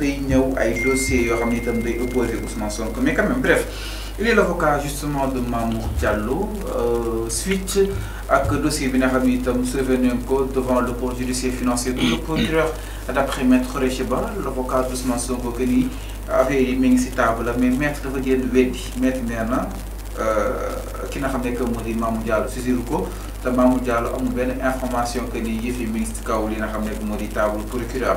day ñëw ay dossiers yoo xam ne itam day opposé Ousmane Sonko mais quand même bref il est l'avocat justement de Mamour Diallo Euh, suite ak dossier bi nga xam ne itam ko devant le pôle judiciaire financier de le procureur d'après maître Recheba, l'avocat Ousmane Sonko que ni affaire yi mi ngi table mais maître dafa jéem weddi maître nee na euh, ki nga xam que moo Mamour Diallo saisiru ko te Mamour Diallo amul benn information que ni yëf yi mi ngi si kaw li nga xam ne table procureur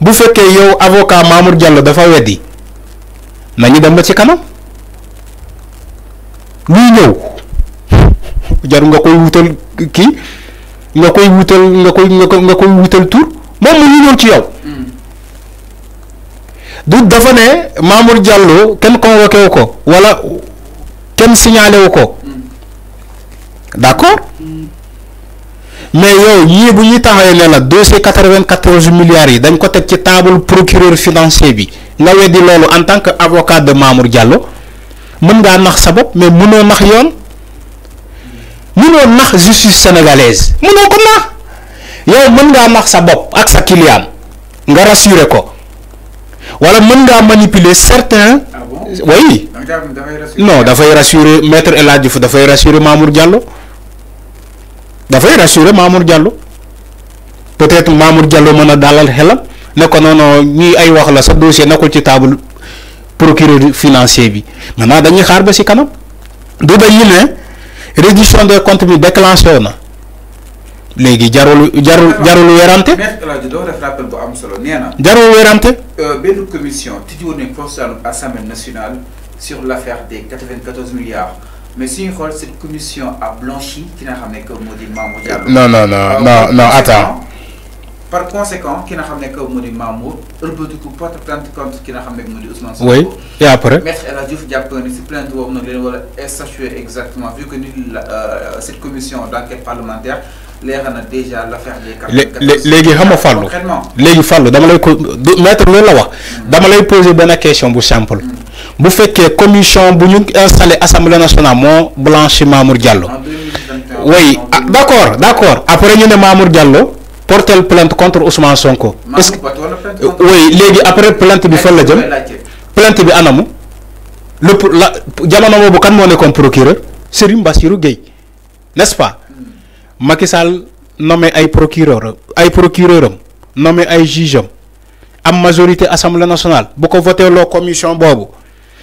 bu fekkee yow avocat Mamour Diallo dafa weddi nañu dem ba ci kanam luy ñëw jarul nga koy wutal kii nga koy wutal nga koy nga koy wutal tur moom mu ngi ñëw ci yow. du dafa ne Mamour Diallo kenn convoqué ko wala kenn signalé wu ko d'accord. mais yow yii bu ñuy taxawee ne la deux cent quatre-vingt-quatorze milliards yi dañ ko teg ci table procureur financier bi nga weddi loolu en tant que avocat de Mamour jàll mën ngaa nax sa bopp mais mënoo nax yoon mënoo nax justice sénégalaise mënoo yow mën ngaa nax sa bopp ak sa client nga rassurer ko wala mën ngaa manipuler certains. Ah oui non dafay rassurer maître El Hadji Diouf dafay rassurer Mamour Diallo. dafay rassurer Mamour Diallo peut-être Mamour Diallo mën a dalal helam ne ko non non ñuy ay wax la sa dossier nekkul ci table procureur financier bi maintenant dañuy xaar ba ci kanam du dañu ne réduction des comptes bi déclencheur na léegi jarul jarul jarul weerante. jarul weerante. Euh, benn commission tijji woon nañu procès à l'Assemblée nationale sur l'affaire des 94 milliards mais si une rôle cette commission a blanchi qui n'a xam que moo di Mamour non non non ah, non non attends. par conséquent qui n'a xam ne que moo di Mamour ëlbatiku porte plainte contre ki nga xam ne moo di Ousmane oui et après. maître la Hadj Diouf jàpp na ni si plainte boobu nag leen war a exactement vu que euh, cette commission d'enquête parlementaire leeral déjà l'affaire affaire des. quatre léegi xam fallo fàllu léegi fàllu dama lay ko maître loolu la wax. Mm. dama lay poser benn question bu simple. Mm que la commission bu installée installé assemblée nationale moo blanchi Mamour Diallo. oui ah, d'accord. d'accord après ñu ne Mamour Diallo la plainte contre Ousmane Sonko. est-ce que oui légui, après plainte bi fan la jëm. plainte bi nous le la jamono boobu de moo comme procureur Serigne Bassirou gay n'est-ce pas hmm. Macky Sall nommé ay procureur un procureur nommé ay juge am la majorité assemblée nationale bu ko voté la commission boobu.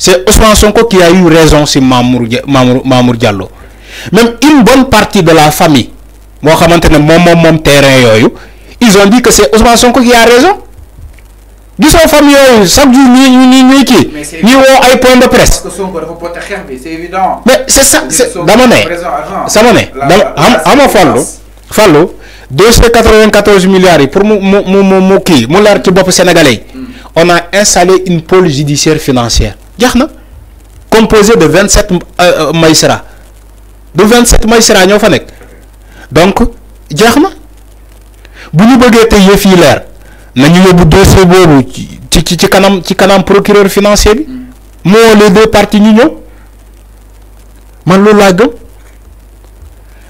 c'est Ousmane Sonko qui a eu raison sur Mamour Mamour Diallo même une bonne partie de la famille Moi que c'est Osman terrain ils ont dit que c'est Ousmane Sonko qui a raison la famille ça chaque jour ni ni ni ni, ni ay point de presse. c'est évident. mais c'est ça c'est dama ne. sama dama milliards pour mu mu mon sénégalais hmm. on a installé une pôle judiciaire financière composé de 27 maïsera de 27 magistrats ñoo fa donc jeex na bu ñu bëggee tey yëf yi leer nañu yobu dossier bobu ci ci kanam ci kanam procureur financier bi les deux parties ñu mal man lago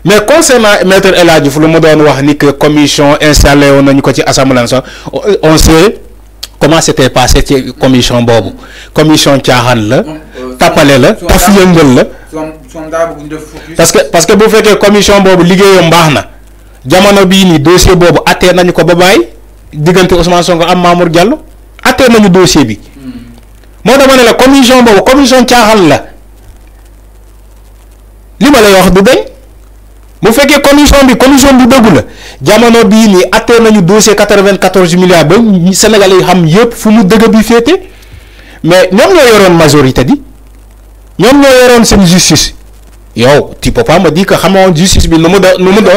mais gëm mais concernant maître elle a lu mu doon wax ni que commission installée on a ko ci assemblée on sait c'était passé c'était commission bobo commission caaxaan la la parce que parce que vous commission bob ligue en na jamono bii dossier bob attee nañu ko ba bàyyi Ousmane Sonko am Mamour Diallo dossier bi moi dama la commission la commission caaxaan la li ma bu fekkee commission bi commission bu dëggu la jamono bii nii attee nañu dossier 94 milliards ba Sénégalais yi xam fu bi mais ñoom ñoo yoroon majorité di ñoom ñoo justice yow tu peux pas me dire que xamoon justice bi nu mu doon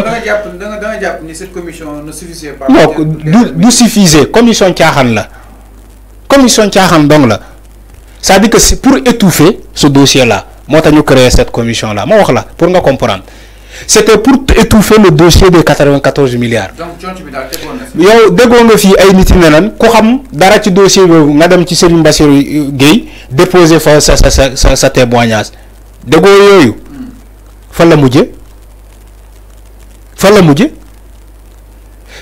commission ne pas. non du commission la commission dong la c'est-à-dire que c'est pour étouffer ce dossier là moo tax créer cette commission là ma wax la pour nga comprendre c'était pour étouffer le dossier des 94 milliards. yo déggoo nga fii ay nit yi ne nan ku xam dara ci dossier boobu nga dem ci Serigne Bassirou Gueye déposer sa sa sa sa témoignage déggoo yooyu. Hmm. fan la mujjee fan la mujjee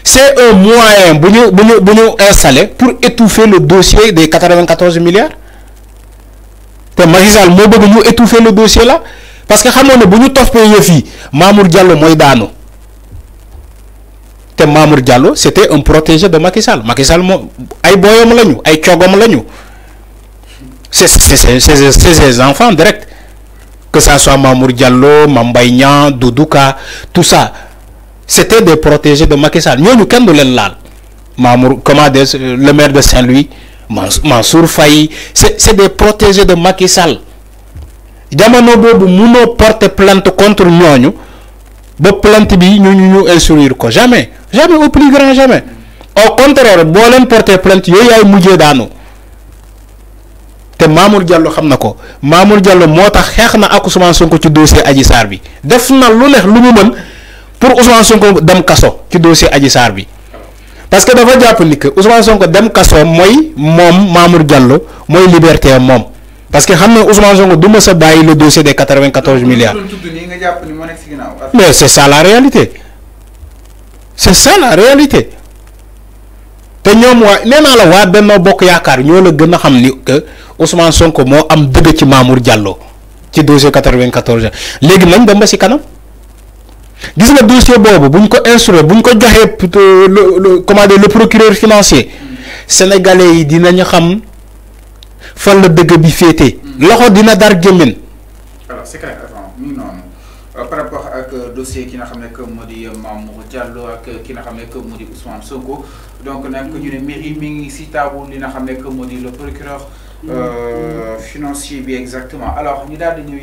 c'est un moyen bu ñu bu ñu bu installé pour étouffer le dossier des 94 milliards te Macky Sall moo ñu étouffer le dossier là parce que xamoon que bu ñu Mamour Diallo Moïdano. daanu Mamour Diallo c'était un protégé de Macky Sall Macky Sall ay boyom lañu ay lañu c'est c'est c'est ses enfants direct que ça soit Mamour Diallo Mambaïn, Mbaye tout ça c'était des protégés de Macky Sall ñu kenn du leen laal Mamour comment le maire de Saint-Louis Mansour Faye c'est c'est des protégés de Macky Sall jamono boobu munoo porter plainte contre ñooñu ba plainte bi ñu ñu ñu ko jamais jamais au plus grand jamais au contraire boo leen porter plainte yooyu yaay mujjee daanu te Mamour Diallo xam na ko Mamour Diallo moo tax xeex na ak Ousmane Sonko ci dossier Adji Sarr bi def na lu neex lu mu mën pour Ousmane Sonko dem kaso ci dossier Adji Sarr bi parce que dafa jàpp ni que Ousmane dem kaso mooy moom Mamour Diallo mooy liberté moom. parce que xam Ousmane Sonko du ma sa bàyyi le dossier des 94 milliards. mais c'est ça la réalité C'est ça la réalité te ñoom waa nee la wa Benno Bokk yaakar ñoo la gëna a xam ni que Ousmane Sonko mo am dëgg ci Mamour Diallo ci dossier 94 légui quatorze léegi nañ dem ba si kanam gis nga dossier bobu buñ ko instruire buñ ko joxé le le le procureur financier mm. sénégalais yi dinañu xam fan dëgg bi hmm. dina alors c'est euh, par rapport euh, dossier qui n'a xamné que modi euh, Diallo ak ki que donc hmm. mairie mi que le procureur hmm. financier bi exactement alors ñu